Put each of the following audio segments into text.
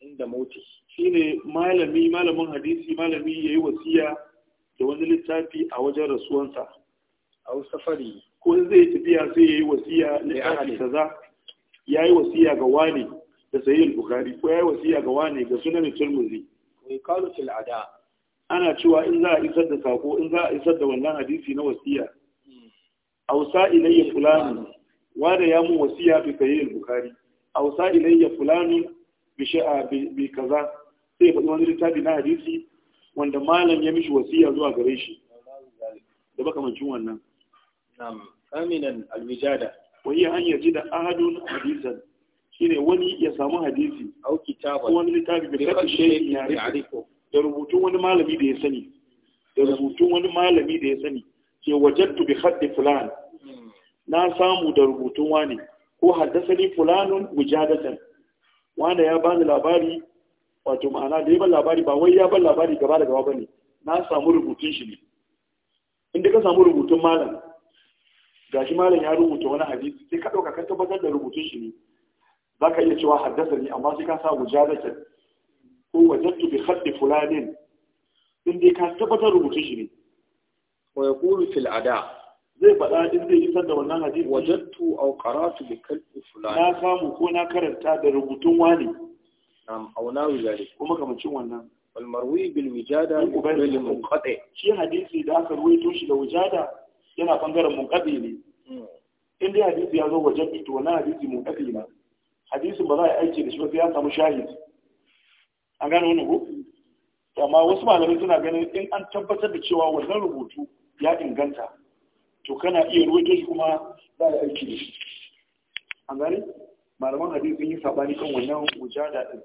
inda mauti shine malami malamin hadisi malami ya yi wasiya da wani littafi a wajen rasuwansa a safari ko zai tafiya sai ya yi wasiya littafi kaza yi wasiya ga wani da sahih bukhari ko yi wasiya ga wani ga sunanin Turmuzi. ana cewa in za a isar da sako in za a isar da wannan hadisi na wasiya wasa hmm. ilayya fulani wanda ya mu wasiya bi sahih bukhari wasa ilayya fulani bi kaza sai faɗi wani littafi na hadisi wanda malam ya mishi wasiya zuwa gare shi da mancin wannan nam aminan Wa wani an yaji da ahadun hadisan shine wani ya samu hadisi au kitaba wani littafi bi shi ya ya'rifu da rubutun wani malami da ya sani da rubutun wani malami da ya sani ke wajattu bi khaddi fulan hmm. na samu da rubutun wani ko haddasa ni fulanun wujadatan wanda ya bani labari wato ma'ana da ya ban labari ba wai ya ban labari gaba da gaba bane na samu rubutun shi ne inda ka samu rubutun malam gashi malam ya rubuta wani hadisi sai ka dauka ka tabbatar da rubutun shi ne zaka iya cewa haddasa ne, amma sai ka sa wujadatan ko wajadtu bi khatti fulanin inda dai ka tabbatar rubutun shi ne wa yaqulu fil ada zai faɗa in zai isar da wannan hadisi wajattu aw qara'tu bi kalbi fulani na samu ko na karanta da rubutun wani nam aw nawi zalik kuma kamancin wannan wal marwi bil wijada bil munqati shi hadisi da aka ruwaito shi da wijada yana bangaren munqati ne hmm. in dai hadisi ya zo wajattu to wannan hadisi munqati ne hadisin ba za a yi aiki da shi ba sai ya samu shahid an gane wani ko amma wasu malamai suna ganin in an tabbatar da cewa wannan rubutu ya inganta to kana iya ruwa kuma ba da aiki da shi an gane malaman hadisi sun yi sabani kan wannan wujada din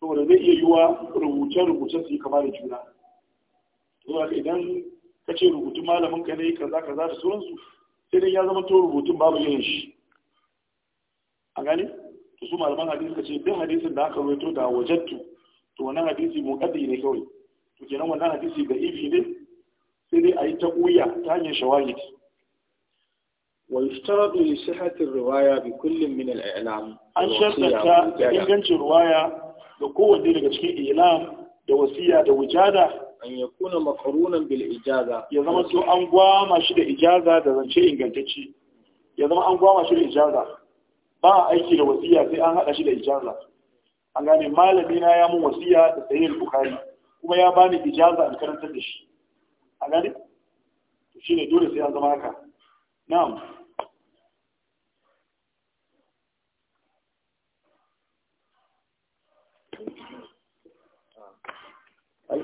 saboda zai iya yiwa rubuce-rubuce su yi kama da juna zuwa idan ka ce rubutun malamin ka ne kaza kaza da sauransu sai dai ya zama to rubutun babu yin shi an gane to su malaman hadisi ka ce duk hadisin da aka ruwaito da wajattu to wannan hadisi muqaddi ne kawai to kenan wannan hadisi da ifi ne sai dai a yi ta ta hanyar shawahid ويشترط لصحة الرواية بكل من الإعلام أن شرطك إنجنش الرواية بقوة دي لكي إعلام دوسية دوجادة أن يكون مقرونا بالإجازة يزم أنتو أنقوى ما شد إجازة دزنشي إنجنتشي يزم أنقوى ما شد إجازة ba aiki da wasiya sai an haɗa shi da ijaza an gane malami na ya mun wasiya da sahih bukhari kuma ya bani ijaza in karantar da shi an gane to shine dole sai an zama haka na'am نعم.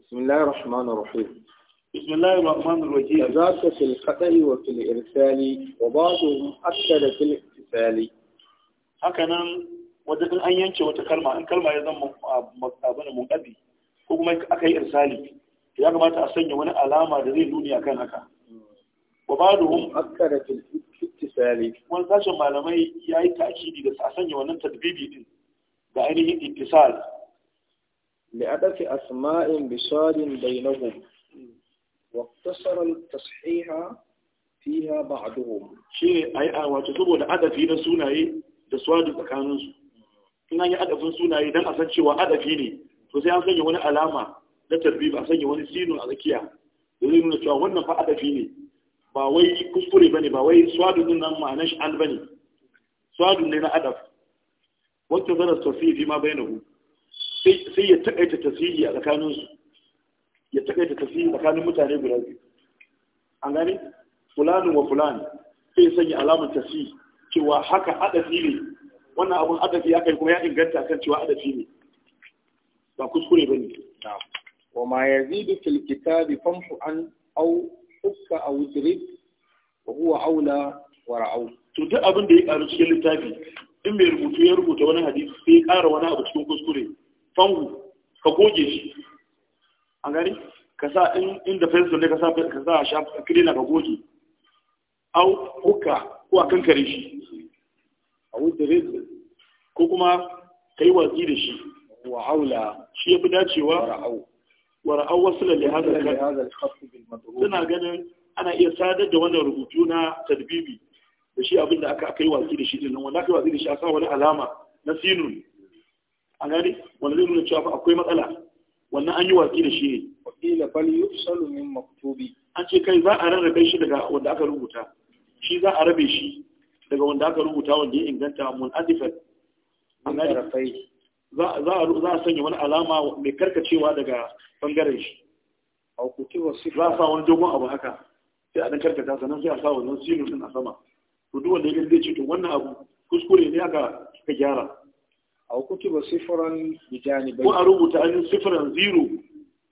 بسم الله الرحمن الرحيم بسم الله الرحمن الرحيم تزاك في القتل وفي الإرسال وبعضهم اكثر في الاحتفال هكذا ودك أن ينشي وتكلمة أن كلمة يضم أبنا منقبي هو ما إرسالي ya kamata a sanya wani alama da zai nuni kan haka wa ba'duhum akkara fil wani sashen malamai ya yi ta'kidi da a sanya wannan tadbibi din da ainihin itisal li adafi asma'in bisadin bainahum wa iktasara tashiha fiha ba'duhum shi ai a wato saboda adafi na sunaye da swadu tsakaninsu in an yi adafin sunaye dan a san cewa adafi ne to sai an sanya wani alama na tarbi ba sanya wani sinun a tsakiya da zai nuna cewa wannan fa adafi ne ba wai kuskure bane ba wai swadun nan ma'anar shi an bane swadun ne na adaf wata zara tafiye fi ma bainahu sai ya takaita tasiri a tsakanin su ya takaita tasiri tsakanin mutane guda biyu an gani fulanin wa fulani sai ya sanya alamar tasiri cewa haka adafi ne wannan abun adafi ya kai kuma ya inganta kan cewa adafi ne ba kuskure ba ne. wa ma yazidu fil kitabi famhu an aw hukka aw drib wa huwa aula wa ra'au to duk abin da ya karu cikin littafi in mai rubutu ya rubuta wani hadisi sai ya ƙara wani abu cikin kuskure Fangu, ka goge shi an gani ka sa in da fensil ne ka sa ka sa sha kirina ka goge au hukka ko a kankare shi a wuce ko kuma ka yi watsi da shi wa aula shi ya fi dacewa wara'au wasu lalle hazar suna ganin ana iya sadar da wannan rubutu da shi abinda aka yi watsi da shi a sa wani alama na sinun a gani wanda zai nuna cewa akwai matsala wannan an yi watsi da shi ne wakila bal yufsalu min maktubi an ce kai za a rarrabe shi daga wanda aka rubuta shi za a rabe shi daga wanda aka rubuta wanda ya inganta mun adifan an gani za a sanya wani alama mai karkacewa daga bangaren shi a hukuki wasu za a sa wani dogon abu haka sai a dan karkata sannan sai a sa wannan sinu din a sama to duk wanda ya zai ce to wannan abu kuskure ne aka ka gyara a hukuki wasu sifiran bijani ko a rubuta an yi sifiran zero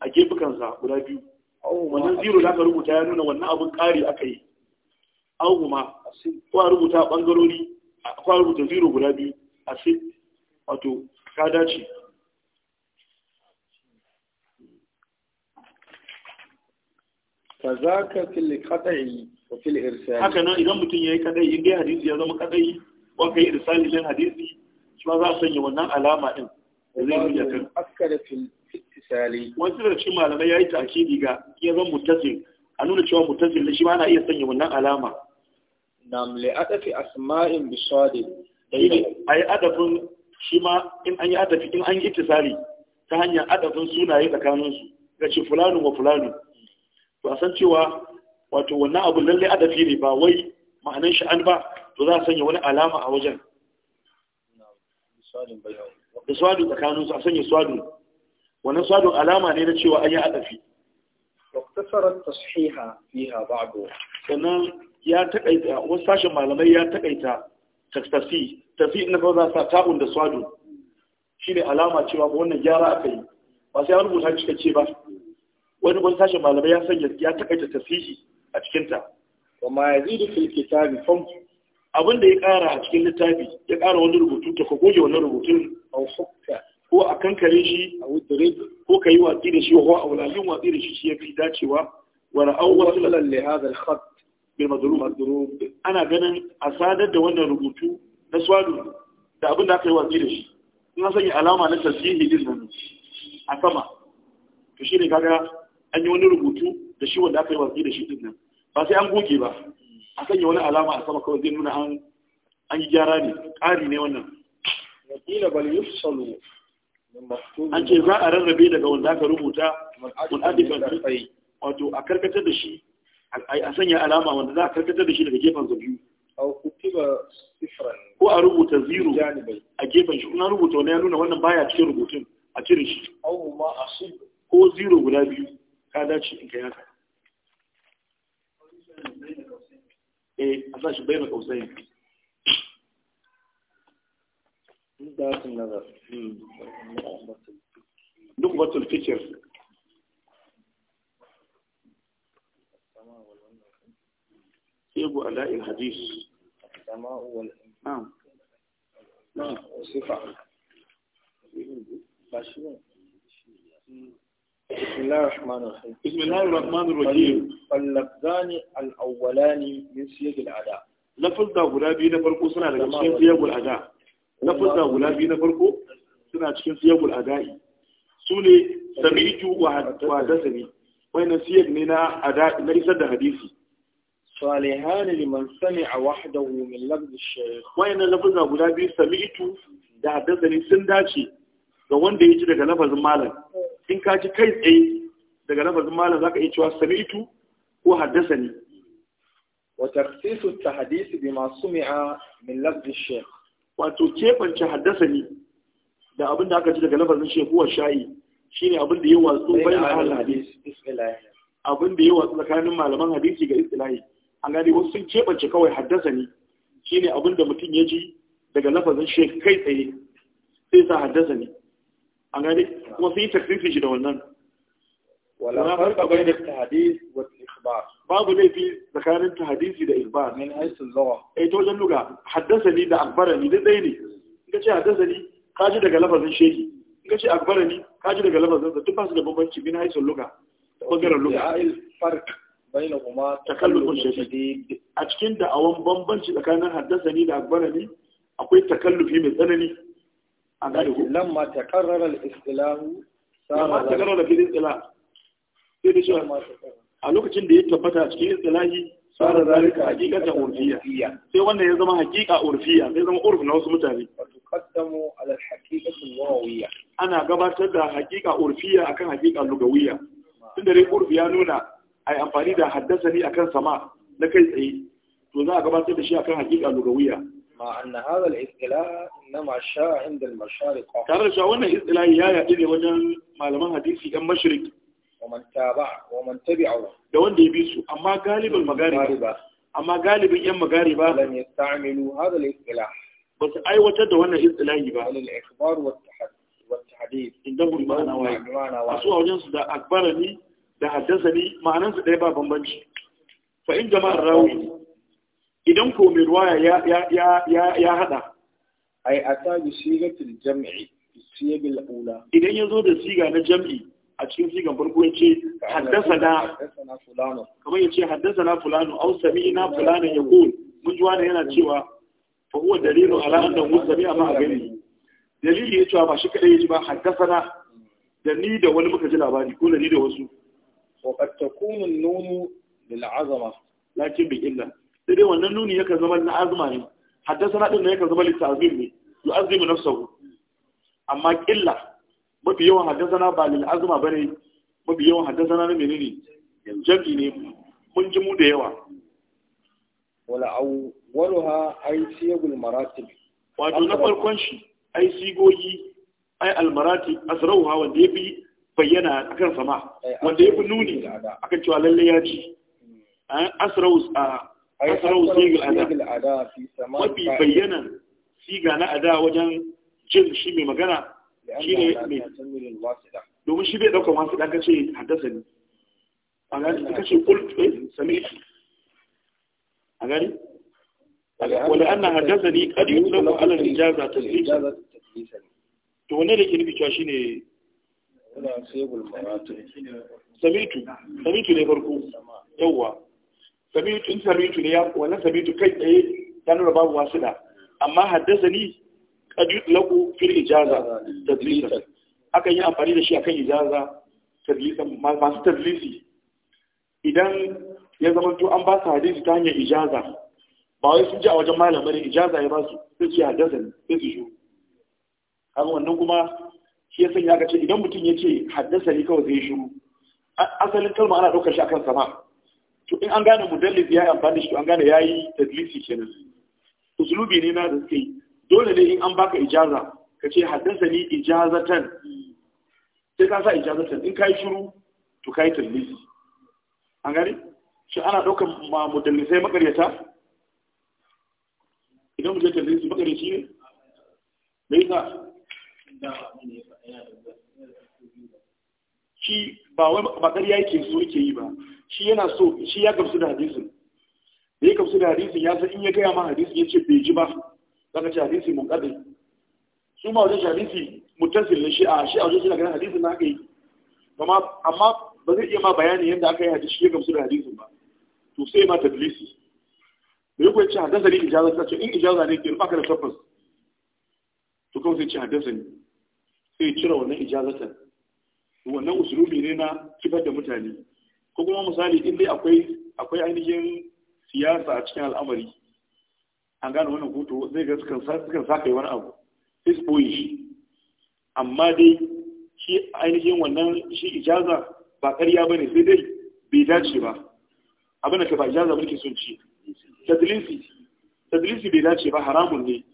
a gefukansa guda biyu wannan zero da aka rubuta ya nuna wannan abun ƙari aka yi auguma ko a rubuta bangarori ko a rubuta zero guda biyu a sit wato ka dace ka fili kadai wa fili irsal haka nan idan mutum ya yi kadai in ya hadisi ya zama kadai ko yi irsali zai hadisi shi ma za a sanya wannan alama din zai yi yakin askara fil ittisali wasu da cikin malamai yayi ta'kidi ga ya zama mutasin a nuna cewa mutasin da shi ma na iya sanya wannan alama nam li adafi asma'in bi A yi adafin shi ma in an yi adafi in an yi itisari ta hanyar adafin sunaye tsakaninsu ga ce Fulani wa Fulani, to a san cewa wato wannan abu lalle adafi ne ba wai ma'anan sha'an ba to za a sanya wani alama a wajen da swadu tsakaninsu a sanya swadu wannan swadu alama ne na cewa an yi adafi واقتصرت تصحيحها فيها بعض sannan ya takaita wasu sashen malamai ya takaita taktafi tafi na kawai za ta ta'un da swadu shi ne alama cewa ba wannan gyara aka yi ba sai an rubuta ce ba wani gon sashen malamai ya sanya ya takaita tafihi a ta wa ma yazidu fil kitabi fam abin da ya kara a cikin littafi ya kara wani rubutu ta ko goge wannan rubutun a hukka ko a kankare shi a wudure ko ka yi watsi da shi ko a wulalin watsi da shi shi ya fi dacewa wa ra'aw wasu lalle hadha al-khat bil mazlum ana ganin a sadar da wannan rubutu na swadu da abin da aka yi watsi da shi in an sanya alama na tasiri din nan a sama to shi ne kaga an yi wani rubutu da shi wanda aka yi watsi da shi din nan ba sai an goge ba a sanya wani alama a sama kawai zai nuna an an yi gyara ne ƙari ne wannan wakila bal yufsalu an ce za a rarrabe daga wanda aka rubuta mun adikan wato a karkatar da shi a sanya alama wanda za a karkatar da shi daga gefen zabiyu ko a rubuta zero a gefen shi kuna rubuta wani ya nuna wannan baya cikin rubutun a cire shi ko zero guda biyu ka dace in ka yaka eh a sa shi bayyana kausai duk batul hmm. fikir ايه ابو الاء الحديث السماء والانفاق نعم نعم صفه بسم الله الرحمن الرحيم بسم الله الرحمن الرحيم اللفظان الاولان من سياق الاداء لفظ دا غلا بي نفر كو سنا دا شين سياق الاداء لفظ دا غلا بي نفر كو سنا شين سياق الاداء سوني سمعت وحدثني وين سياق نينا اداء ليس ده حديثي صالحان لمن سمع وحده من لفظ الشيخ وين لفظنا غدا بي سمعت da haddasani sun dace ga wanda ya ji daga lafazin malam in ka ji kai tsaye daga lafazin malam zaka iya cewa sami'tu ko haddasani wa takhsisu at-tahdith bima sumi'a min lafzi shaykh wato ke kebance haddasani da abin da aka ji daga lafazin shaykh huwa shayi shine abin da ya watsu bayan al-hadith abin da ya watsu tsakanin malaman hadisi ga istilahi an gani wasu sun keɓance kawai haddasa ne shine abin da mutum ya ji daga lafazin shek kai tsaye sai sa haddasa ne an gani kuma sun yi tafifin shi da wannan wala farka bai da tahadis wa ikhbar babu laifi tsakanin tahadisi da ikhbar min haisu zawa eh to wajen luga haddasa ni da akbara ni da ɗaya ne in ka ce haddasa ni ka ji daga lafazin sheki? in ka ce akbara ka ji daga lafazin sa duk ba su da bambanci min haisu luga bangaren luga ya'il farka bainahuma takallufun shadid a cikin da'awan bambanci tsakanin haddasani da akbarani akwai takallufi mai tsanani a takarrara al-istilahu takarrara fil istilah sai da a lokacin da ya tabbata a cikin istilahi sara zalika hakikatan urfiya sai wanda ya zama hakika urfiya sai zama urf na wasu mutane ala al ana gabatar da hakika urfiya akan hakika lugawiya tunda dai urf ya nuna a yi amfani da haddasa ni kan sama na kai tsaye to za a gabatar da shi a akan hakika lugawiya ma anna hadha al-istilah inma sha'a inda al tare da wannan istilahi ya yaɗu ne wajen malaman hadisi ɗan mashrik da wanda ya bi su amma galibin magariba amma galibin yan magariba lam ba su aiwatar da wannan istilahi ba al-ikhbar wa at-tahdith wa at-tahdith inda ma'ana wa ma'ana wa wajen su da ne. da haddasani ma'anansu ɗaya ba bambanci fa in jama'ar rawi idan ko mai ruwa ya haɗa. a yi hada ai ata bi sigatil jam'i sigatil la'ula idan zo da siga na jam'i a cikin sigan farko ya yace haddasana fulano kamar yace haddasana fulano Au sami na fulano yaqul mun juwa wani yana cewa dalilin huwa da mun sami a ma gani dalili cewa ba shi kadai ji ba haddasana da ni da wani muka ji labari ko da ni da wasu وقد تكون النون للعظمة لكن بإلا sai dai wannan nuni yakan zama na azma ne haddasa na ɗin yakan zama littazim ne yu azimu nafsahu amma ƙilla mafi yawan haddasa na ba lil azma bane mafi yawan haddasa na menene jami ne mun ji mu da yawa wala awwaluha ay siyagul maratib wato na farkon shi ai almarati, ai almaratib asrauha wanda yafi bayyana a kan sama eh, wanda ya fi nuni akan cewa lalle ya ci eh, asraus a asraus sigil ada mafi bayyana siga na ada wajen jin shi mai magana shi ne mai domin shi bai ɗaukar wasu ɗan kace haddasa ne a gani kace kul sami a gani wani ana ولأن حدثني قد يطلق على الإجازة تدليسا. تقول لك shi ne. suna sebul maratib samitu samitu ne farko yawwa samitu in samitu ne ya wannan samitu kai tsaye ya nuna babu da, amma haddasa ni kajut lagu fil ijaza tadlisan akan yi amfani da shi akan ijaza tadlisan masu tadlisi idan ya zama to an ba su hadisi ta hanyar ijaza ba wai sun ji a wajen malam bane ijaza ya ba su sai su haddasa ni sai su shi har wannan kuma shi ya sanya ka ce idan mutum ya ce haddasa ni kawai zai shiru asalin kalma ana ɗaukar shi akan sama to in an gane mudallis ya yi amfani shi to an gane ya yi tadlisi kenan usulubi ne na da suke dole ne in an baka ijaza ka ce haddasa ni ijazatan sai ka sa ijazatan in ka yi shiru to ka yi tadlisi an gane shi ana ɗaukar ma mudallisai makaryata idan mutum tadlisi makaryaci ne me yasa shi ba wai ba ƙarya yake so yake yi ba shi yana so shi ya gamsu da hadisin da ya gamsu da hadisin ya san in ya gaya ma hadisin ya ce bai ji ba zaka ce hadisin mun kadai su ma wajen hadisi mutasil ne shi a shi a wajen shi suna ganin hadisin na aka yi amma ba zai iya ma bayani yadda aka yi hadisi shi ya gamsu da hadisin ba to sai ma tadlisi da ya kuwa ce hadasa ne ijaza ta ce in ijaza ne ke baka da tabbas to kawai sai ce hadasa ne sai cire wannan ijazatan wannan usulubi ne na kifar da mutane ko kuma misali in dai akwai akwai ainihin siyasa a cikin al'amari an gane wannan hoto zai ga sukan sukan saka wani abu sai su boye shi amma dai shi ainihin wannan shi ijaza ba ƙarya ba ne sai dai bai dace ba abin da ka ba ijaza ba ke son ci tadlisi tadlisi bai dace ba haramun ne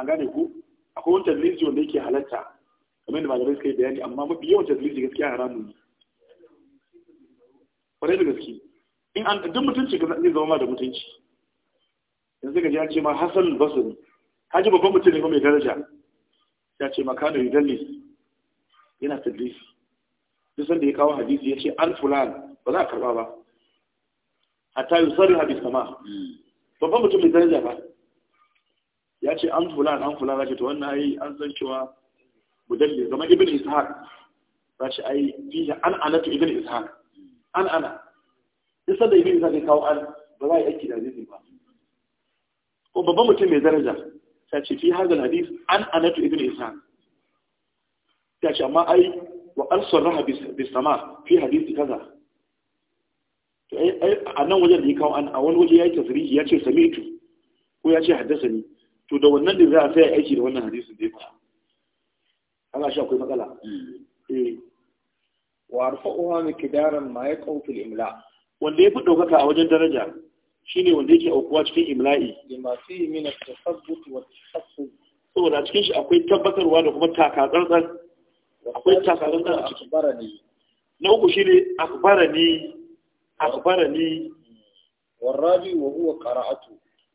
an gane ku akwai wani tadlisi wanda yake halatta kamar da malamai suka yi bayani amma mafi yawan tadlisi gaskiya haramun ne kwarai da gaske in an duk mutunci ga zai zama da mutunci yanzu ka ji ya ce ma Hassan Basri haji babban mutum ne mai daraja ya ce ma Kano, yudallis yana tadlisi duk sanda ya kawo hadisi ya ce an fulan ba za a karba ba A hatta sarin hadis kama babban mutum mai daraja ba ya ce an fulan an fulan ya ce to wannan ai an san cewa mudallis zama ibn ishaq ba shi ai fihi an ana to ibn ishaq an ana isa da ibn ishaq ya kawo an ba za a yi aiki da hadisi ba ko babban mutum mai daraja ta ce fi hadal hadith an ana to ibn ishaq ta ce amma ai wa an sarraha bis sama fi hadisi kaza to ai a nan wajen da ya kawo an a wani waje ya yi tasiri ya ce sami'tu ko ya ce haddasa ni to da wannan da za a sai aiki da wannan hadisin da ya faɗa ana shi akwai matsala hmm. eh wa arfa'uha kidaran ma yaqau fil imla wanda yafi daukaka a wajen daraja shine wanda yake aukuwa cikin imla'i lima fi min at-tasabbut wa at-tahassub saboda cikin shi akwai tabbatarwa da kuma takatsantsan akwai takatsantsan a cikin barani na uku shine akbarani akbarani warabi wa huwa qara'atu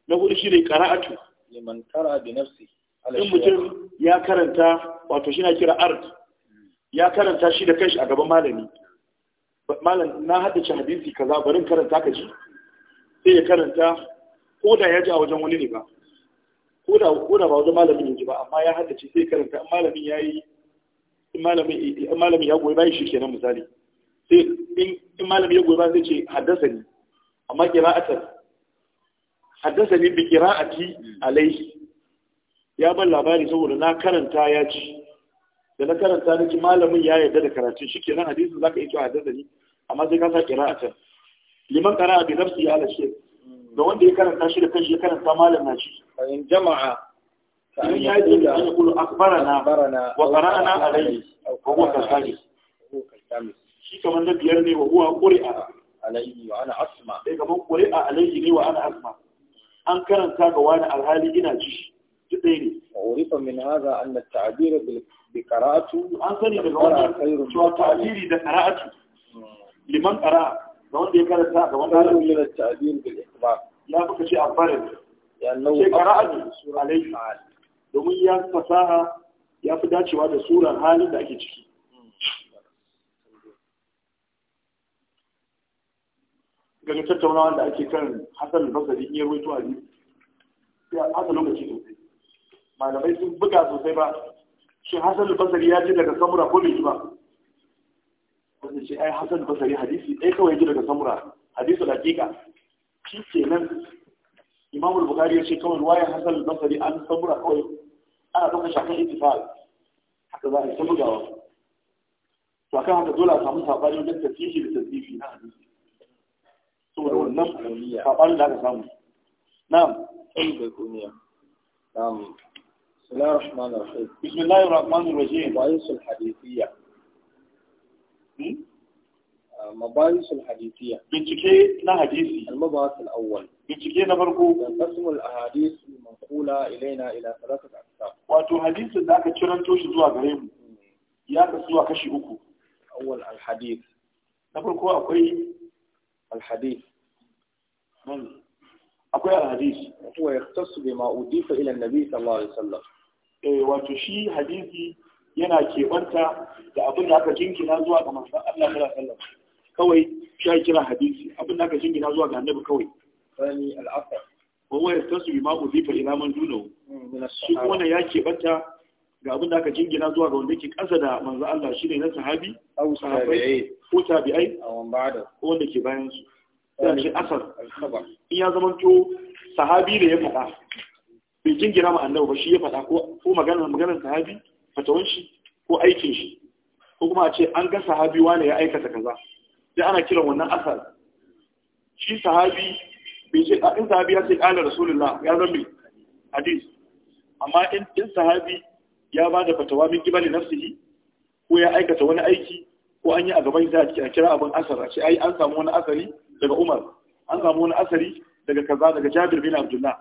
na hudu shine qara'atu liman tara bi nafsihi in mutum ya karanta wato shi na kira art ya karanta shi da kanshi a gaban malami malam na haddace hadisi kaza barin karanta ka ji sai ya karanta ko da ya ji a wajen wani ne ba ko da ko da ba wajen malamin ya ji ba amma ya haddace sai karanta in malamin ya yi in malamin ya goyi bayan shi kenan misali sai in malamin ya goyi bayan zai ce haddasa ni amma kira'atar haddasa ni bi kira'ati alaihi ya ban labari saboda na karanta ya ci da na karanta na ci malamin ya yarda da karatun shi kenan hadisin zaka yi a da ni amma sai ka sa can. liman qara'a bi nafsihi ala shay da wanda ya karanta shi da kanshi ya karanta malam na shi in jama'a in ya ji da ya kulu akbarana wa qara'ana alayhi wa huwa shi kaman da biyar ne wa huwa qur'a alayhi wa ana asma sai kaman qur'a alayhi ne wa ana asma an karanta ga wani alhali ina ji duk ɗaya ne wurifa min haza da ta'abira bi qara'atu an sani daga wannan cewa ta'abiri da qara'atu liman qara'a ga wanda ya karanta ga wanda ya min ta'abir bil ikhbar ya ce abbarin ya nau qara'atu domin ya fasaha ya fi dacewa da suran halin da ake ciki daga da ake kan iya ruwaito a biyu lokaci malamai sun buga sosai ba shi hasan basari ya ji daga samura ko bai ji ba wanda ce ai hasan basari hadisi ɗaya kawai ji daga samura hadisu dakika shi ke nan imam bukari ya ce kawai wayan hasan basari an samura kawai ana ɗauka shakan itifal haka za a yi ta bugawa to akan haka dole a samu saɓani wajen tafiye da tasbifi na hadisi saboda wannan saɓanin da aka samu na'am ɗan بسم الله الرحمن الرحيم بسم الله الرحمن الرحيم مباحث الحديثية آه، مباحث الحديثية بنتكي لا حديثي المباحث الأول بنتكي نبرقو نقسم الأحاديث المنقولة إلينا إلى ثلاثة أقسام واتو حديث ذاك تشرنتوش زوا غريم يا كسوا كشي أكو أول الحديث نبرقو أقوي الحديث من أقوي الحديث هو يختص بما أضيف إلى النبي صلى الله عليه وسلم Eh, wato shi hadisi yana keɓanta da abin da aka jingina zuwa ga masu Allah sallallahu sallam kawai shi kira hadisi abin da aka jingina zuwa ga annabi kawai sani al-asr wa huwa yastasu bima udifa ila man duno hmm, shi wannan ya keɓanta ga abin da aka jingina zuwa ga wanda ke ƙasa da manzo Allah Shi ne na sahabi au sahabi ko tabi'ai ko wanda ke bayan su shi asar in ya zamanto sahabi da ya faɗa bai jingina ma annabi ba shi ya faɗa ko ko maganar maganar sahabi fatawan shi ko aikin shi ko kuma a ce an ga sahabi wani ya aikata kaza sai ana kiran wannan asar shi sahabi bai ce in sahabi ya ce qala rasulullah ya zama hadis amma in sahabi ya ba da fatawa min gibali nafsihi ko ya aikata wani aiki ko an yi a gaban za a kira abin asar a ce ai an samu wani asari daga Umar an samu wani asari daga kaza daga Jabir bin Abdullah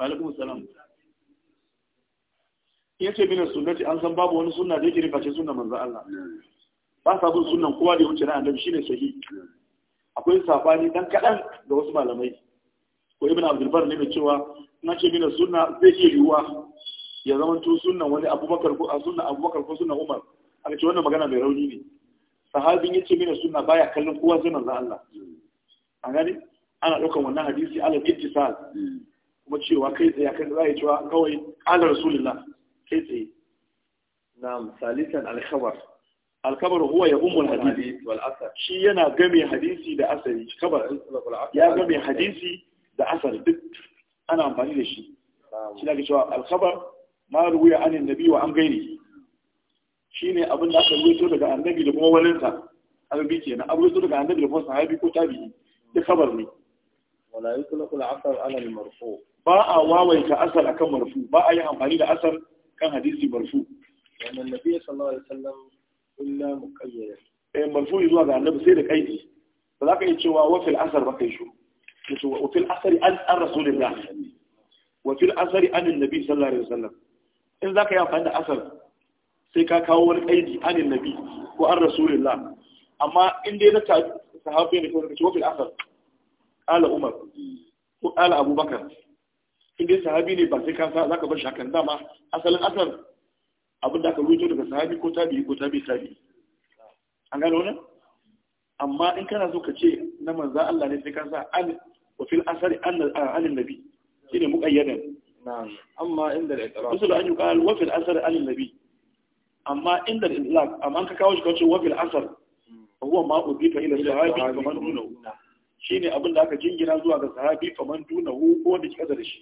alaikum salam in yace mina sunnati an san babu wani sunna da yake riface sunnan manzo Allah ba sa bin sunnan kowa da wuce na annabi shine sahi akwai safani dan kadan da wasu malamai ko ibn abdul bar ne mai cewa na ce mina sunna zai iya yiwuwa ya zama to sunnan wani abubakar ko a sunnan abubakar ko sunnan umar aka ce wannan magana mai rauni ne sahabin ce mina sunna baya kallon kowa sai manzo Allah a gani ana daukan wannan hadisi ala ittisal kuma cewa kai tsaye kan za a yi cewa kawai ƙalar rasulullah kai tsaye na salisan alkhabar alkabar huwa ya umar hadisi shi yana game hadisi da asali kabar ya game hadisi da asari duk ana amfani da shi shi daga cewa alkhabar ma ruwaya anin nabi wa an gairi shine abin da aka ruwaito daga annabi da kuma walinsa arabi kenan an ruwaito daga annabi da kuma sahabi ko tabi'i da kabar ne wala yutlaqu al-asr ala al-marfu ba a wawaita asar akan marfu ba a yi amfani da asar kan hadisi marfu wannan nabi sallallahu alaihi wasallam illa muqayyad eh marfu zuwa ga annabi sai da kaidi ba za ka yi cewa wa asar ba kai shu yace wa fil asari an wa fil asari an in za ka yi amfani da asar sai ka kawo wani kaidi an annabi ko an rasulullah amma in dai na sahabbai ne ko ka ce wa asar ala umar ko ala abubakar in sahabi ne ba sai kasa za ka bar shakan. dama asalin asar abin da aka rubuto daga sahabi ko tabi ko tabi tabi an gano ne amma in kana so ka ce na manza Allah ne sai ka sa an wa fil asari an nabi shine muqayyadan na'am amma inda al-iqrar usul an yuqal wa fil asari an Nabi. amma inda da al-iqrar amma an ka kawo shi ka ce wa fil asar hmm. huwa ma udifa ila sahabi kaman dunahu ne abin da aka jingina zuwa ga sahabi faman hu ko wanda ke kasa da shi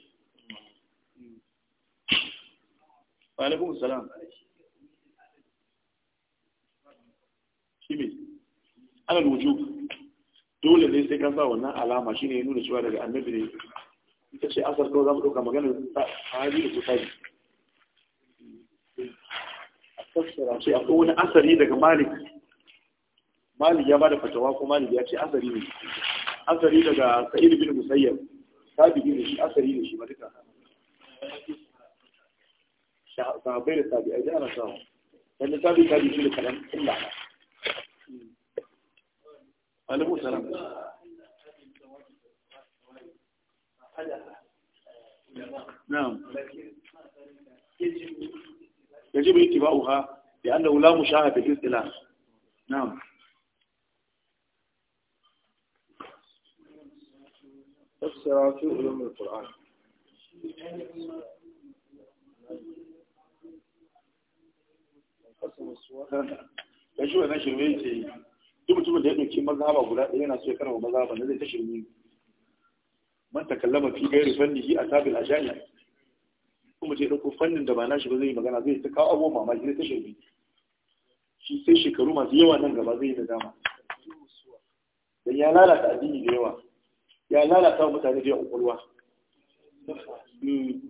wa alaikum salam shi ne ana wujub dole ne sai kan sa wannan alama ne ya nuna cewa daga annabi ne ita ce asar kawai za mu ɗauka magana sahabi da kusaji ce akwai wani asari daga malik malik ya ba da fatawa ko malik ya ce asari ne أثري لك سعيد بن مسيب سابقين لشي أثري لشي مالكا صحابين السابق أجل أنا صحاب لأن سابق سابق في الكلام إلا أنا أنا مو سلام نعم يجب اتباعها لأنه لا مشاهد في الاصطلاح نعم fassara fi ulumul qur'an da shi wannan shirme yake yi duk mutumin da ya ɗauki mazhaba guda ɗaya yana so ya karama mazhaba na zai ta shirme man takallama fi gairi shi a tabil ajani kuma mutum ya ɗauko fannin da ba nashi ba zai yi magana zai ta kawo abuwa mamaki zai ta shirme shi sai shekaru masu yawa nan gaba zai yi da dama dan ya lalata addini da yawa ya lalata mutane da kwakwalwa hmm.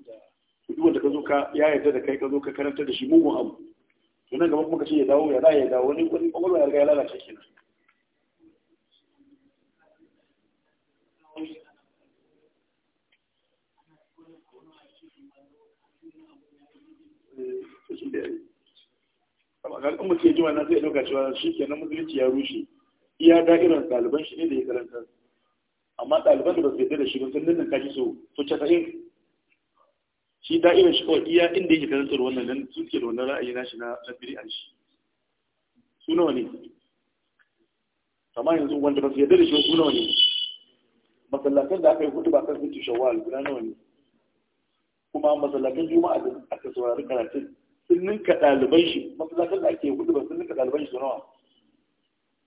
duk wanda ka zo ka ya yarda da kai ka zo ka karanta da shi mugun abu to nan gaba kuma ka ce ya dawo ya za ya dawo wani wani kwakwalwa ya riga ya lalace kenan eh, amma kan mutum ya ji wannan zai ɗauka cewa shi kenan musulunci ya rushe iya da'irar ɗaliban shi ne da ya karanta amma ɗaliban da basu da shi ba sun nuna shi su to casa'in shi da'irar shi kawai iya inda yake karantar wannan nan, su ke da wannan ra'ayi shi na tsabiri an shi su nawa ne amma yanzu wanda ba su yadda da shi su nawa ne masallatan da aka yi hudu ba kan sun shawwal guda nawa ne kuma masallatan juma'a da aka saurari karatun sun ninka ɗaliban shi masallatan da ake hudu ba sun ninka ɗaliban shi su nawa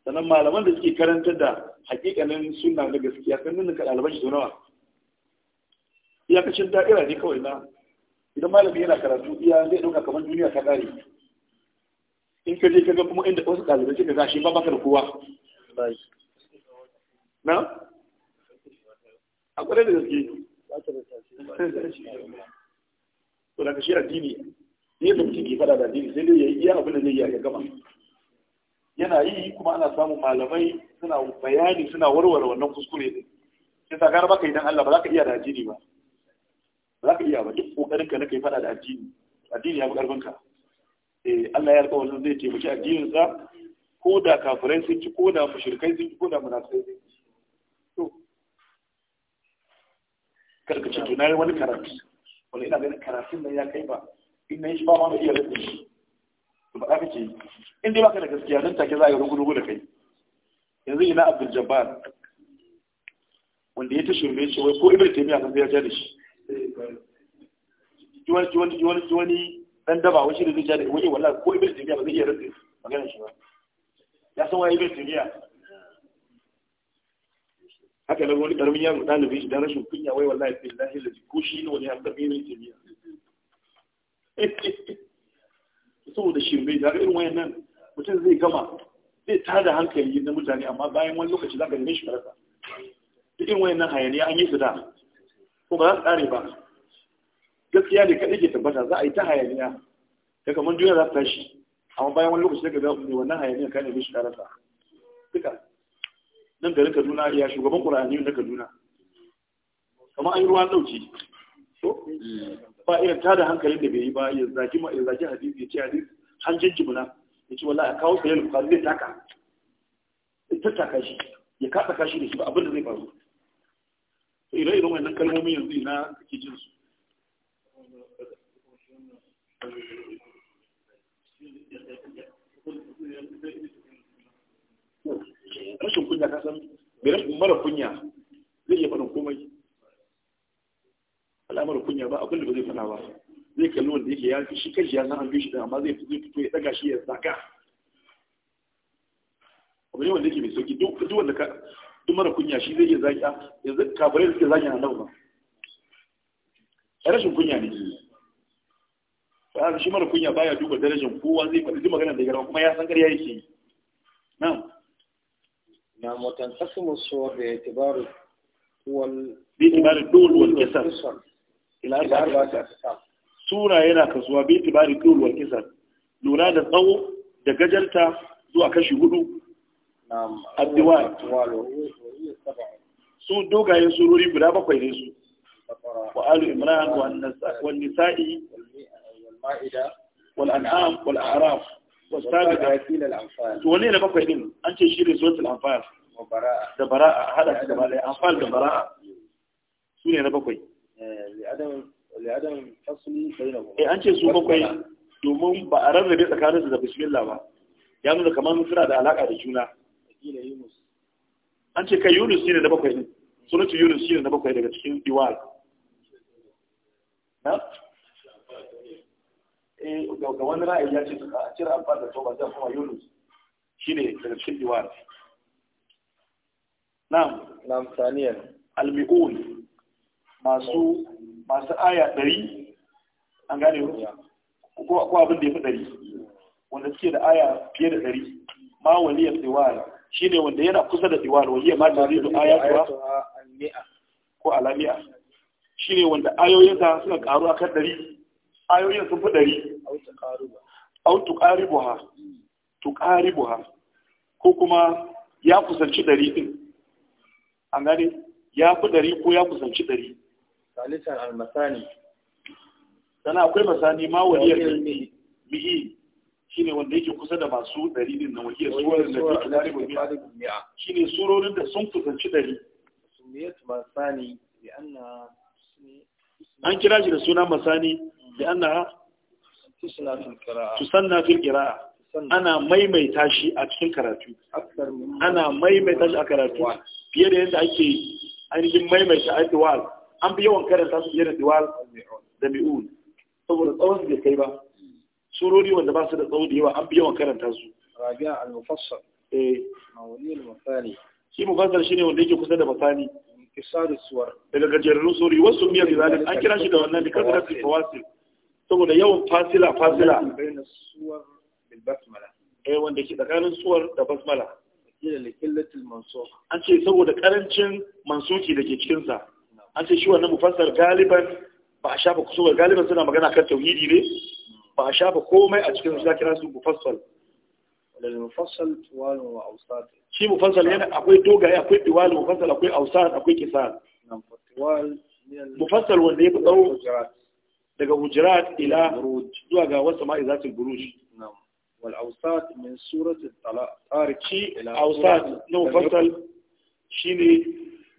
sannan malaman da suke karantar da hakikanin suna na gaskiya sun nuna albashi shi nawa iyakacin da'ira ne kawai na idan malami yana karatu iya zai ɗauka kamar duniya ta ƙare in ka je ka ga kuma inda wasu ɗalibai suka zashi ba baka da kowa na a da gaske to da ka shi addini ne yadda mutum ke faɗa da addini sai dai ya yi iya abin da zai yi a gama yana yi kuma ana samun malamai suna bayani suna warware wannan kuskure din sai ta gara baka idan Allah ba za ka iya da addini ba ba za ka iya ba duk kokarin ka na kai fada da addini addini ya fi karfin ka eh Allah ya alƙawarin zai taimaki addinin sa ko da kafirai sun ci ko da mushrikai sun ci ko da munafikai sun ci to karkace to na yi wani karatu wani ina ganin karatun nan ya kai ba in na yi shi ba ma iya rage shi to ba kake yi in dai baka da gaskiya nan take za ka rungu da kai yanzu ina Abdul Jabbar wanda ya ta shirme shi wai ko Ibn Taymiyyah kan ya ja da shi wani wani wani wani dan daba wani shi da zai ja da wani wallahi ko Ibn Taymiyyah ba zai iya rantsa magana shi ba ya san wai Ibn Taymiyyah haka nan wani karamin yaro ɗalibin shi dan rashin kunya wai wallahi billahi lazi ko shi ne wani ya tafi Ibn Taymiyyah saboda shi mai da irin wayan nan mutum zai gama zai da hankali na mutane amma bayan wani lokaci za ka nemi shi karasa duk irin wayan nan hayaniya an yi su da ko ba za su tsare ba gaskiya ne kaɗai ke tabbata za a yi ta hayaniya da kamar duniya za su tashi amma bayan wani lokaci daga mai wannan hayaniya ka nemi shi karasa duka nan garin kaduna ya shugaban ƙura'ani na kaduna kamar an yi ruwan ɗauki mm. ba irin tada hankalin da bai yi ba ya zaki ma ya zaki hadisi ya ce hadisi hanjin jimuna ya ce wallahi a kawo sayar bukari zai taka ta taka shi ya kasa kashi da shi ba abinda zai faru to ire iren wannan kalmomi yanzu ina kake jin su rashin kunya kasan bai rashin mara kunya zai iya faɗin komai faɗa kunya ba abin da ba zai faɗa ba zai kalli wanda yake ya fi shi kan shi ya san an bi shi ɗin amma zai fito ya ɗaga shi ya saka abu ne wanda yake mai sauki duk wanda ka duk mara kunya shi zai iya a yanzu kafirai suke zagi na nawa rashin kunya ne shi mara kunya baya duba darajar kowa zai faɗi duk magana da ya kuma ya san ƙarya yake yi na'am na mutan kasimu so da ya tibaru wal bi tibaru dole wal kasar sura yana kasuwa bi tibari dul wal kisar lura da tsawo da gajarta zuwa kashi hudu na'am addu'a su dogayen sururi guda bakwai ne su wa alu imran wa nisa'i wal an'am wal a'raf to Wani ne bakwai din an ce shi ne suratul anfal da bara'a hada shi da da amfani da bara'a su ne na bakwai eh an ce su bakwai domin ba a rarrabe tsakaninsu da bismillah ba ya nuna kamar suna da alaka da juna an ce kai yunus shine na bakwai ne sunatu yunus shine na bakwai daga cikin diwal na ga wani ra'ayi ya ce a cire abba da toba kuma yunus shine daga cikin diwal masu masu aya ɗari an gane ko ko abin da ya fi ɗari wanda suke da aya fiye da ɗari ma waliya tsiwal shi ne wanda yana kusa da tsiwal waliya ma tare da aya tuwa ko alamiya shi ne wanda ayoyinsa suka karu akan ɗari ayoyin sun fi ɗari au tuƙari buha. ko kuma ya kusanci ɗari ɗin an gane ya fi ɗari ko ya kusanci ɗari salisan almasani sana akwai masani ma waliyar mi'i shine wanda yake kusa da masu dari din na waliyar surorin da ke da mi'a shine surorin da sun kusanci ɗari sumiyat masani bi anna an kira shi da suna masani bi mm. anna tusanna fil qira'a ana maimaita shi a cikin karatu ana maimaita shi a karatu fiye da yadda ake ainihin maimaita addu'a an fi yawan karanta su fiye da diwal da mi'un saboda tsawon bai kai ba surori wanda ba su da tsawon da yawa an fi yawan karanta su rabi'a al-mufassal eh mawali al-masani shi mufassal shine wanda yake kusa da masani kisaru suwar daga gajerun suri wasu miyar zalim an kira shi da wannan da da fawasil saboda yawan fasila fasila eh wanda ke tsakanin suwar da basmala an ce saboda karancin mansuki da ke cikinsa an ce shi wannan mufassar galiban ba a shafa kusurwa galiban suna magana kan tauhidi ne ba a shafa komai a cikin shi kira su mufassar wadanda mufassar tuwalin wa awsat shi Mufassar yana akwai dogaye akwai tuwalin Mufassar akwai awsat akwai kisa Mufassar wanda ya fi tsawo daga hujirat ila zuwa ga wasu ma'i zatul buruj wal awsat min suratul talaq tariki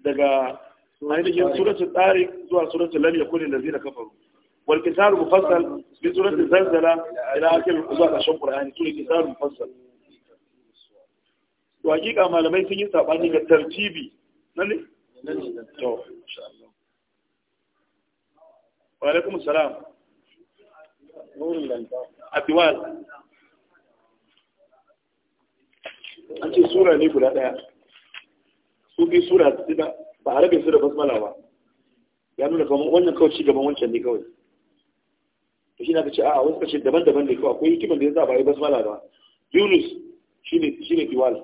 daga سورة الطارق سورة سورة لم يكن الذين كفروا والكتاب مفصل بسورة الزلزلة إلى آخر الأزواج الشمرة يعني سورة الكتاب مفصل وحقيقة ما لم يكن يتعب عنك الترتيبي نعم وعليكم السلام أبيوال أنت سورة نيكولا سورة سورة سورة ba a rabe su da basmala ba ya nuna kamar wannan kawai ci gaban wancan ne kawai to shi na ka ce a wasu kashe daban-daban ne kawai akwai hikiman da ya sa ba yi basmala ba yunus shine ne diwal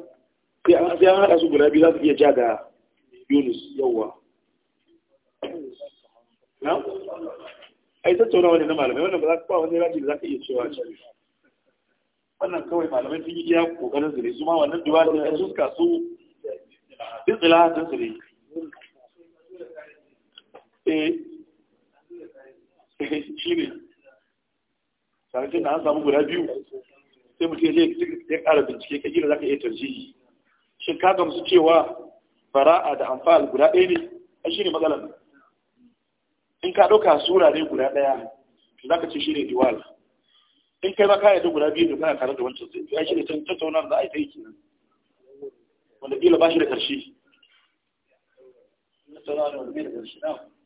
sai an haɗa hada su guda biyu za su iya ja ga yunus yauwa na ai tattaunawa wani na malamai wannan ba za ka ba wani da za ka iya cewa ce wannan kawai malamai sun yi iya kokarin su ne su ma wannan duwatsu ya a suka su duk tsilahatin su ne eh shi ne sarkin da an samu guda biyu sai mutum ya ƙara bincike ka gina za ka iya tarjihi shin ka gamsu cewa fara'a da amfal guda ɗaya ne a shi ne matsalar in ka ɗauka sura ne guda ɗaya za ka ce shi ne diwal in kai ma ka yadda guda biyu ne kana tare da wancan sai ya shi ne tattauna za a yi ta kenan wanda ƙila ba shi da ƙarshe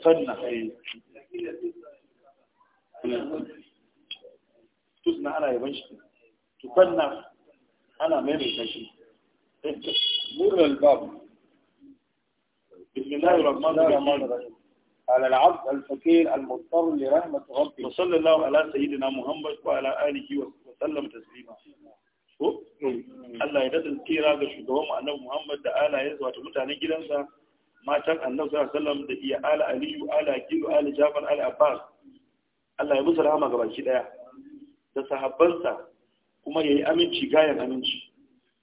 تصنع تثنى أنا يبان شيء تثنى أنا ميمي شيء مر الباب بسم الله الرحمن الرحيم على العبد الفقير المضطر لرحمة ربي وصلى الله على سيدنا محمد وعلى آله وسلم تسليما Allah ya dadin kira ga shugaban annabi Muhammad da alayensa wato mutanen gidansa matan annabi sallallahu alaihi wasallam da iya ala aliyu ala kilu ala jafar ala abbas Allah ya musu rahama gabaki daya da sahabbansa kuma yayi aminci gayan aminci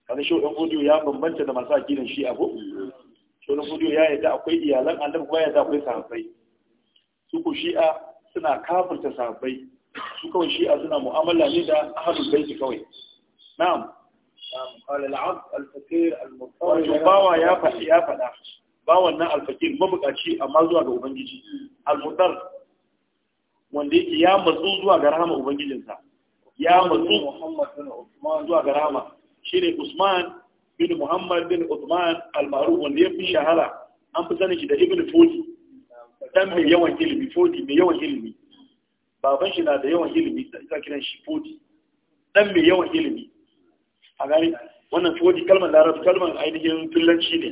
kada shi dan godiyo ya bambanta da masu akidan shi abu shi dan godiyo ya yadda akwai iyalan annabi kuma ya yadda akwai sahabbai su ku shi'a suna kafirta sahabbai su kawai shi'a suna mu'amala ne da ahlul bait kawai na'am قال العبد الفقير المضطر باوا يا فدا ba wannan alfakir mabukaci amma zuwa ga ubangiji Almutar wanda yake ya matsu zuwa ga rahama ubangijinsa ya matsu muhammad bin zuwa ga rahama shine usman bin muhammad bin usman al-ma'ruf wanda ya fi shahara an fi sanin shi da ibn fodi dan mai yawan ilimi fodi mai yawan ilimi baban shi na da yawan ilimi da isa kiran shi fodi dan mai yawan ilimi a gari wannan fodi kalmar larabci kalmar ainihin fillanci ne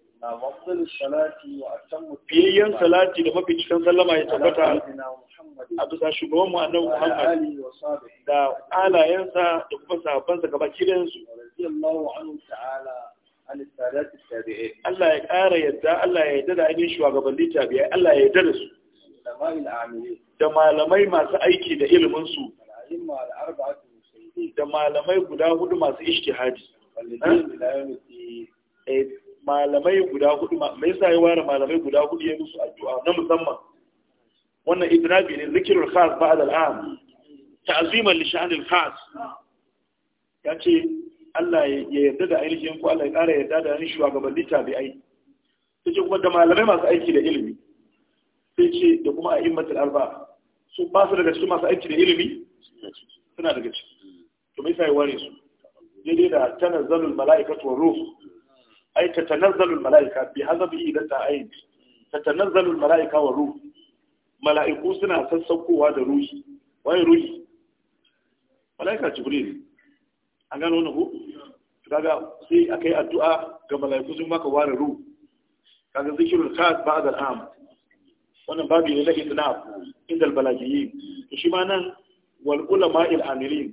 na salati wa salati da mafi cikin sallama ya tabbata a bisa shugaban mu annabi Muhammad da alayensa da kuma sahabbansa gaba kidan su radiyallahu anhu ta'ala Allah ya ƙara yadda Allah ya yadda da ainihin shugabannin tabi'ai Allah ya yadda da su da malamai masu aiki da ilimin su da malamai guda hudu masu ishtihadi malamai guda hudu mai sa ya ware malamai guda hudu ya musu addu'a na musamman wannan idrabi ne zikirul khas ba'd al'am ta'ziman li sha'anil khas yace Allah ya yarda da ainihin ku Allah ya ƙara yarda da ainihin shugabanni tabi'ai sai kuma da malamai masu aiki da ilimi sai ce da kuma a'immatul arba su ba su daga cikin masu aiki da ilimi suna daga ciki to me yasa ya ware su daidai da tanazzalul mala'ikatu war ruh ai tatanazzalu malaika bi hazabi idan ta ayin tatanazzalu malaika wa ruh mala'iku suna sassaukowa da ruhi waye ruhi malaika jibril an gano wannan ko kaga sai akai addu'a ga mala'iku sun maka ware ruh kaga zikirul khas ba'da al'am wannan babu ne na itinaf inda albalagiyi to shi ma nan wal ulama il amilin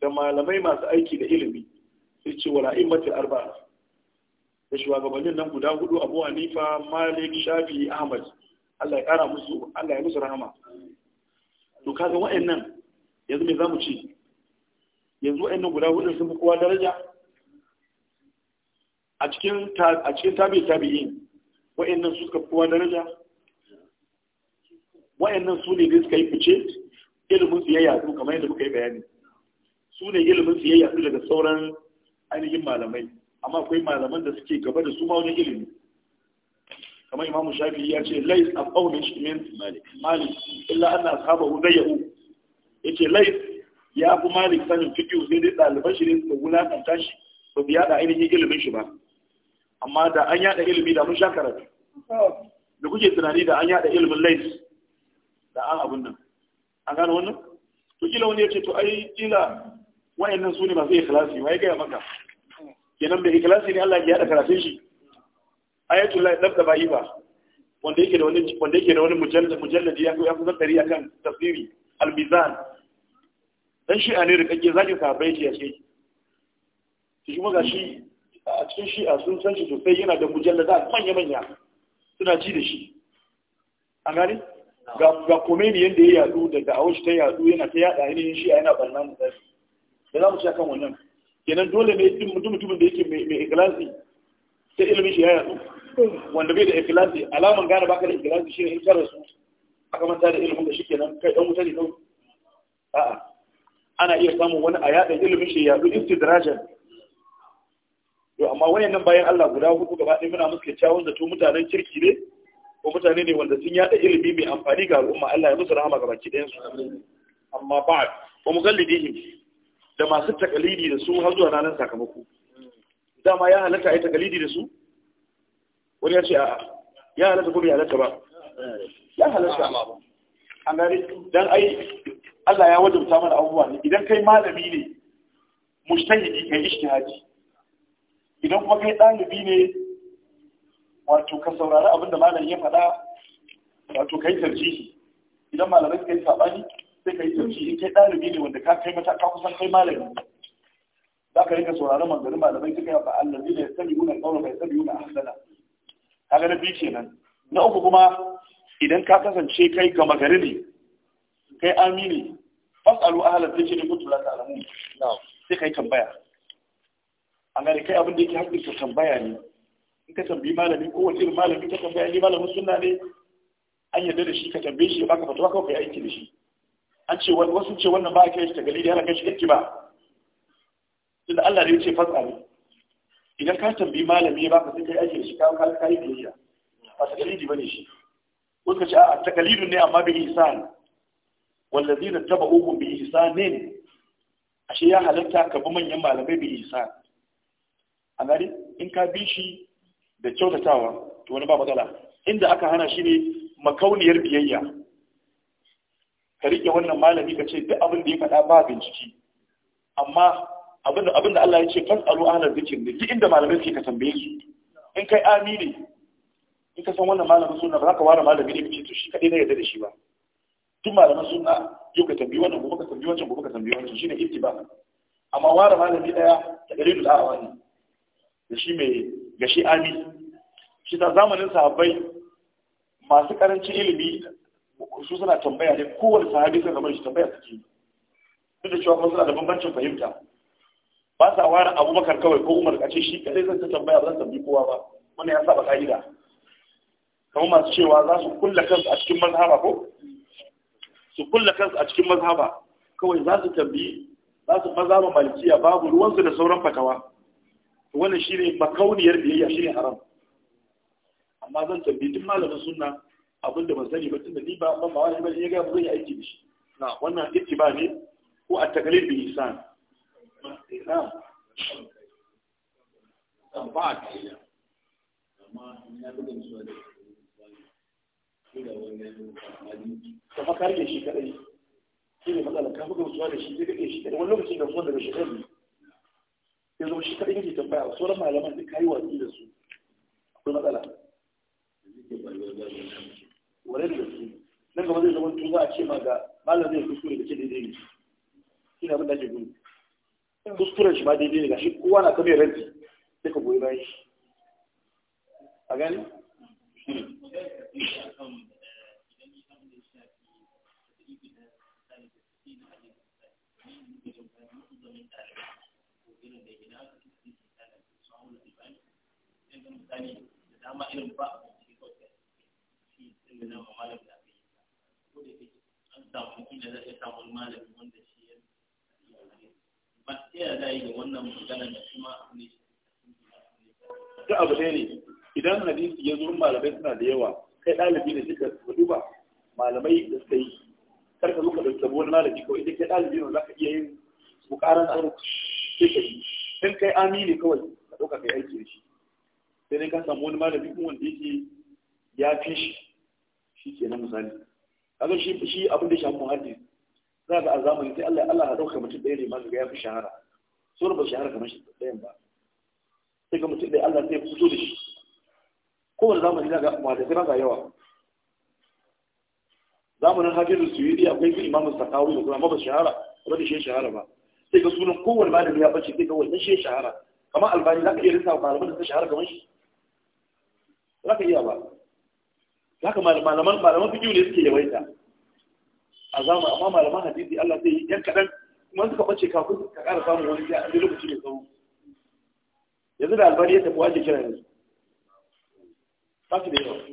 da malamai masu aiki da ilimi sai ce wala immatul arba'a da shugabannin nan guda hudu Abu Hanifa Malik Shafi Ahmad Allah ya kara musu Allah ya musu rahama to kaga wa'annan yanzu me zamu ce yanzu wa'annan guda hudu sun fi kowa daraja a cikin a cikin tabi'i tabi'in wa'annan su suka kowa daraja wa'annan su ne da suka yi fice ilimin su ya yadu kamar yadda muka yi bayani su ne ilimin su ya yadu daga sauran ainihin malamai amma akwai malaman da suke gaba da su ma wani ilimi kamar imamu shafi ya ce lais a ƙaunin shi min malik illa ana saba hudayyahu ya ce lais ya fi malik sanin fikiyu sai dai ɗaliban shi ne su wulaƙanta shi ba su yaɗa ainihin ilimin shi ba amma da an yaɗa ilimi da mun sha karatu da kuke tunani da an yaɗa ilimin lais da an abin nan an gano wannan to kila wani ya ce to ai kila wa'annan su ne masu ikhlasi ma ya gaya maka kenan bai ikilasi ne Allah ya yada karatun shi ayatul lahi dabda ba wanda yake da wani wanda yake da wani mujallad mujalladi ya ya kusan dari akan tafsiri al-mizan dan shi ne rikakke zaki sahabbai ce yake shi kuma ga shi a cikin shi a sun san shi sosai yana da mujallada manya manya suna ji da shi an gani ga ga komeni yanda ya yadu da da'awar shi ta yadu yana ta yada ainihin shi yana barna da za mu ci akan wannan kenan dole ne mutum mutumin da yake mai ikilasi sai ilimin shi yaya wanda bai da ikilasi alaman gane baka da ikilasi shi ne in karar su aka manta da ilimin da shi kenan kai dan wuta ne kawai a'a ana iya samun wani a yaɗa ilimin shi yaɗu istidrajan to amma nan bayan Allah guda hudu gaba ɗaya muna cewa da to mutanen kirki ne ko mutane ne wanda sun yaɗa ilimi mai amfani ga al'umma Allah ya musu rahama gaba ki ɗayan su amma ba wa mugallidihim da masu takalidi da su har zuwa ranar sakamako dama ya halatta a yi takalidi da su wani ya ce a ya halatta ko bai halatta ba ya halatta an gari dan ai Allah ya wajabta mana abubuwa ne idan kai malami ne mujtahidi kai ijtihadi idan kuma kai ɗalibi ne wato ka saurari abin da ya faɗa wato kai tarjihi idan malamai suka yi saɓani sai ka yi tauci in kai ɗalibi ne wanda ka kai mata ka kusan kai malami za ka rika sauraron manzarin malamai suka yi Allah ne ya sani yuna kaura bai sani yuna hasana ga na biyu kenan na uku kuma idan ka kasance kai gama gari ne kai amini fasalu ahlan zikri in kuntum la ta'lamun sai kai tambaya an gane kai abin da yake haƙƙin ka tambaya ne in ka tambayi malami ko wani irin malami ka tambaya ni malamin sunna ne an yarda da shi ka tambaye shi ya baka fatawa kawai aiki da shi an ce wasu ce wannan ba a kai shi ta gari da yana kai shi irki ba tunda Allah da ya ce fasa ne idan ka tambi malami ya baka sai kai aiki shi ka ka kai biyayya ba ta gari ne shi ko ka ce a takalidu ne amma bi ihsan wallazina tabauhum bi a ashe ya halatta ka bi manyan malamai bi ihsan a gari in ka bi shi da kyautatawa to wani ba matsala inda aka hana shi ne makauniyar biyayya ka rike wannan malami ka ce duk abin da ya faɗa ba bincike amma abin da Allah ya ce fas alu ahlar zikin ne inda malamai suke ka tambaye su in kai amini in ka san wannan malamin sunna ba za ka ware malami ne ka ce to shi kaɗai na yarda da shi ba duk malamin sunna yau ka tambayi wannan gobe ka tambayi wancan gobe ka tambayi wancan shi shine ba. amma ware malami daya da dalilul a'wa ne da shi mai gashi ami shi ta zamanin sahabbai masu karancin ilimi su suna tambaya ne kowane sahabi sai zama shi tambaya suke duk da cewa kuma suna da bambancin fahimta ba sa ware abubakar kawai ko umar kace shi kadai zan ta tambaya ba zan tambi kowa ba wannan ya saba ka'ida kamar masu cewa za su kulla kansu a cikin mazhaba ko su kulla kansu a cikin mazhaba kawai za su tambayi za su maza mazhaba malikiya babu ruwansu da sauran fatawa wannan shine makauniyar biyayya shine haram amma zan tambayi duk malamin sunna abin da ban sani ba tunda ni ba ban ba wani ba ya ga zan yi aiki da shi na wannan ba ne ko a takalid bi ihsan ba ta yi amma ina da fa karke shi kadai shi ne matsala ka buga musuwa da shi zai kake shi kadai wani lokaci ga suwa daga shekaru ya zama shi kadai yake tambaya sauran malaman duk kayi watsi da su akwai matsala ware da su nan gaba zai zama tun za a ce ma ga malam zai kuskure da ce daidai ne shi ne abin da ake gudu kuskuren shi ma daidai ne ga shi kowa na kamar ranti sai ka goyi bayan shi a gani misali da irin ba da da aka ko da an samu samu malami wanda shi ya ba da wannan magana da kuma abu ne ta abu ne ne idan hadisi ya zo malamai suna da yawa kai ɗalibi da suka duba malamai da suka yi kar ka zo ka ɗauki malami kawai idan kai ɗalibi ne za ka iya yin bukaran tsaro ke ka yi in kai amini kawai ka ɗauka kai aiki da shi sai dai ka samu wani malami kuma wanda yake ya fi shi shi ke nan misali kaga shi shi abin da ya shafi muhalli. za ga a zamani sai Allah Allah ya dauka mutum ɗaya ne ma ga ya fi shahara sura ba shahara kamar shi ɗayan ba sai ga mutum ɗaya Allah sai fito da shi wani zamani za ga muhaddisai ba ga yawa zamanin hajjin suyudi akwai fi imamu sakawu da kuma ba shahara ba da shi shahara ba sai ga sunan kowane malami ya bace sai ga wannan shi shahara kamar albani za ka iya rinsa malamin da ta shahara kamar shi za ka iya ba haka malaman malaman fiqh ne suke yawaita a zama amma malaman hadisi Allah zai yi yan kadan kuma suka bace kafin ka ƙara samun wani ya an lokaci mai tsawo yanzu da albani ya tafi wajen kira yanzu ba da yawa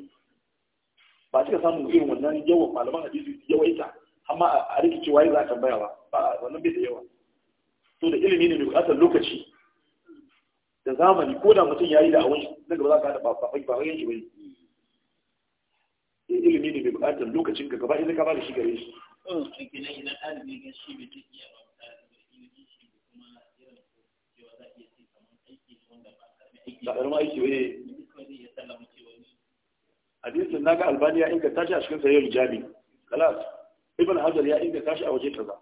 ba cika samun irin wannan yawan malaman hadisi yawaita amma a rikici waye za a tambaya ba ba wannan bai da yawa to da ilimi ne mai buƙatar lokaci da zamani ko da mutum ya yi da awon nan gaba za ka da ba ba ba ba ba sai ilimi ne mai bukatar lokacin ka gaba idan ka da shi gare shi ba ƙarama aiki ne hadisin na ga albani ya inganta shi a cikin sayar jami kalas ibn Hazar ya inganta shi a waje ta za.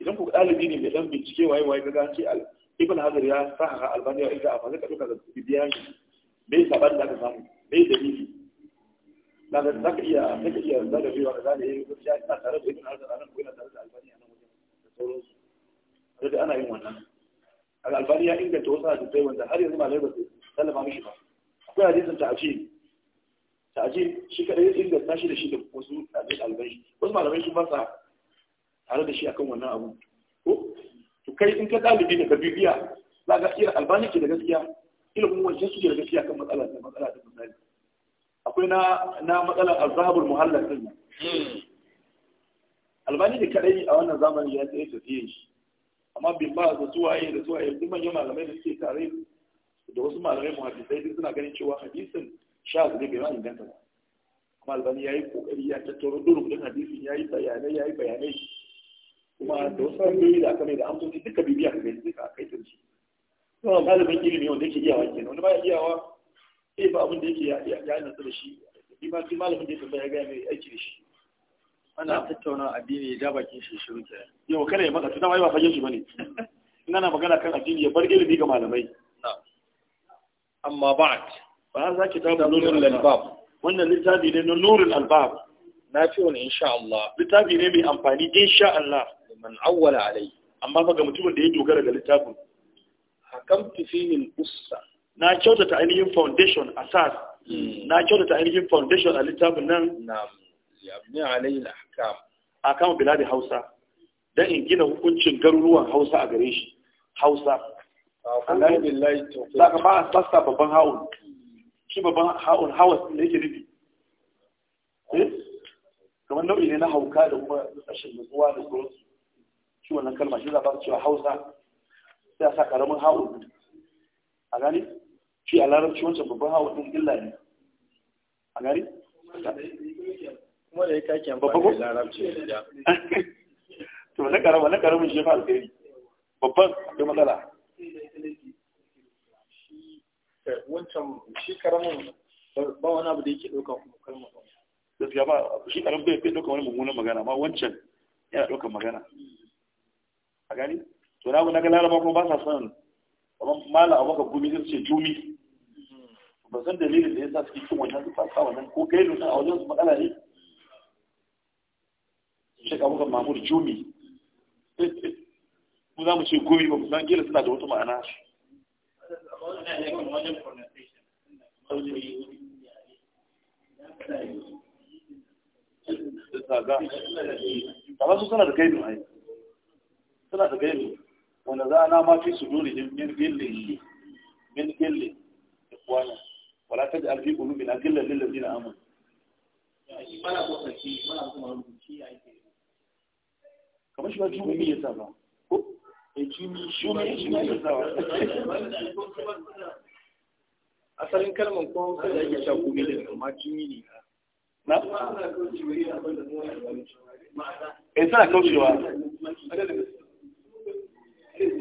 idan ku ɗalibi ne mai ɗan bincike waye waye ga gace ibn Hazar ya sahaha albani ya inganta a fasika duka da bibiyan bai saban da aka samu bai dalili لكن الألبانية إن كانت وصلها في الطيوان ده هل يزم عليها بس تلف عميشي بها أكوها ديزم تعجيل تعجيل شكا إيه إن كانت ناشي لشي لك وصول تعجيل على البيش بس ما على بيش مبارسة على دي شي أكون وناها أبون وكي إن كانت أهل بينا كبير بيها لا أكيرا ألباني كده جسيا إلا هو جسو كده جسيا كم مسألة مسألة akwai na matsalar azhabul muhallal din albani da kadai a wannan zamani ya tsaye tafiye shi amma bin ba da suwaye da suwaye duk manyan malamai da suke tare da wasu malamai muhaddisai duk suna ganin cewa hadisin sha zuri bai ma inganta ba kuma albani ya yi kokari ya tattaro duruk din hadisin ya yi bayanai yayi bayanai kuma da wasu hanyoyi da aka mai da amsoci duka bibiya ka gani duka a kai tarci. Kuma galibin ilimi wanda yake iyawa kenan wani baya iyawa sai eh, ba abin da yake ya nasu da shi ima shi malamin da ya tambaya ya gaya mai aiki da shi ana tattauna addini da bakin shi shiru ke yau kada ya matsa tunawa ba fagen shi bane in ana magana kan addini ya bar ilimi ga malamai amma ba'd ba za ki tabu nurul albab wannan littafi ne na nurul albab na fi wani insha Allah littafi ne mai amfani insha Allah man awwala alai amma fa ga mutumin da ya dogara ga littafin hakamtu fihi al-ussa na kyautata ainihin foundation a sas hmm. na kyautata ainihin foundation a littafin nan A yabni alayhi hausa Don in gina hukuncin garuruwan hausa a gare shi hausa saka ba sassa babban haun shi babban haun hawas ne yake rubi eh? kamar nau'i ne na hauka da kuma rashin nutsuwa da kurosu shi wannan kalma shi za ba cewa hausa sai a sa karamin haun a gani shi a larabci wancan babban hawa ɗin illa ne a gari? kuma da ya to na karama shi fa alheri babban akwai matsala eh, wancan shi karamun ba wani abu da yake ɗauka kuma kalmar gaskiya ba shi karamin bai fi ɗauka wani mummunan magana ma wancan yana ɗaukar magana a gani to na ga laraba kuma ba sa son mala abubakar gumi sai su ce jumi ba san dalilin da ya sa suke cin wannan su fasa wannan ko kai nuna a wajen su matsala ne shi ka muka jumi mu za mu ce gumi ba mu san suna da wata ma'ana Kama su suna da gaidu ai, suna da gaidu, wanda za a na mafi su dole min gillin, min gillin, da kwanan. wala ta ji alfi ƙulubi na gillar zina kamar shi ba jumi ya sa ba ko eh, jumi shi ma ya sa ba asalin kalmar ko sai da ake sha gumi da amma jumi ne na eh tana kaucewa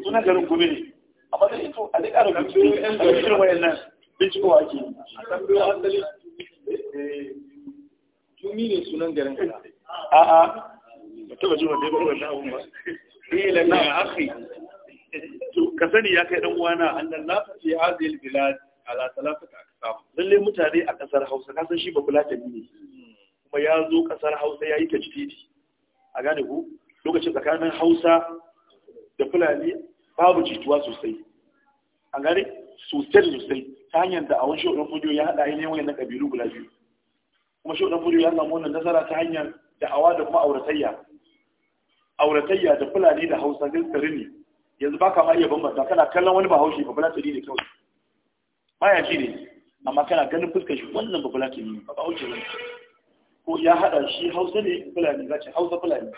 suna garin gumi ne amma zai ito a duk arabin su a cikin wayan nan binciko ake a tambayo asali eh, tumi ne sunan garin a a ba taba ji wanda ba wannan abun ba ila na akhi to ka sani ya kai dan uwana annal lafati azil bilad ala talafata aksam lalle mutane a kasar Hausa ka san shi ba kula ne kuma ya zo kasar Hausa ya yi ta tajdidi a gane ku lokacin tsakanin Hausa da Fulani babu jituwa sosai a gane sosai sosai ta hanyar da awon shi ɗan fujo ya haɗa ainihin wayan na ƙabilu guda biyu kuma shi ɗan fujo ya samu wannan nasara ta hanyar da awa da kuma auratayya auratayya da fulani da hausa zai tsari ne yanzu ba ma iya bambanta kana kallon wani ba haushi ba fulatani ne kawai baya ji ne amma kana ganin fuskar shi wannan ba fulatani ne ba ba haushi ne ko ya haɗa shi hausa ne fulani za ce hausa fulani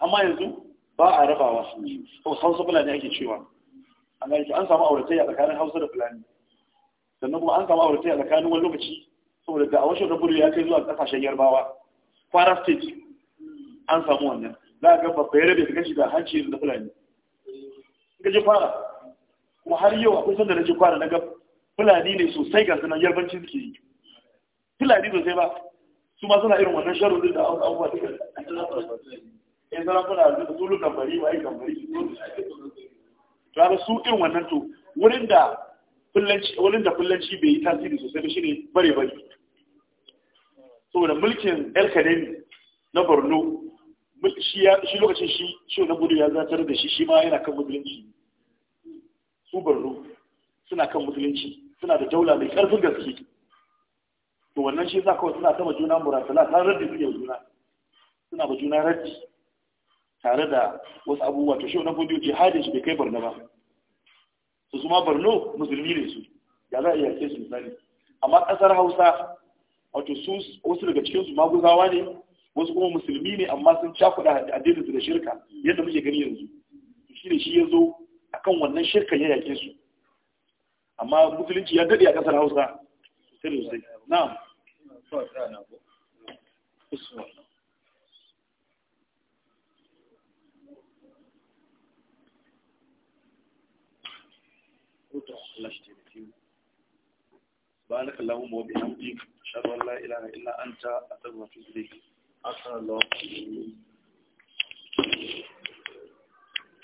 amma yanzu ba a rabawa hausa fulani ake cewa an gane an samu auratayya tsakanin hausa da fulani sannan kuma an samu auratayya tsakanin wani lokaci saboda da a washe da ya kai zuwa kasashen yarbawa kwara state an samu wannan za ka ga babba ya rabe kashi da hanci da fulani ga je fara kuma har yau akwai sanda da je fara na ga fulani ne sosai ga sunan yarbanci suke yi fulani sosai ba su ma suna irin wannan sharon da abubuwa duka in sarakuna da su lukan bari ba yi kan bari to su irin wannan to wurin da fullanci wurin da fullanci bai yi tasiri sosai ba shine bare bare saboda mulkin El Kademi na Borno shi shi lokacin shi shi na gudu ya zartar da shi shi ma yana kan musulunci su Borno suna kan musulunci suna da daula mai karfin gaske to wannan shi za kawai suna sama juna murasala ta raddi suke juna suna ba juna raddi tare da wasu abubuwa ta shi wannan fodiyo jihadin shi bai kai barna ba su su ma barno musulmi ne su ya za a iya ce su misali amma ƙasar hausa wato su wasu daga cikinsu maguzawa ne wasu kuma musulmi ne amma sun cakuɗa su da shirka yadda muke gani yanzu shi ne shi ya zo a kan wannan shirka ya yake su amma musulunci ya daɗe a ƙasar hausa sai da sai na'am Allah shi taimake mu subhanaka allahumma wa bihamdik ashhadu an la ilaha illa anta astaghfiruka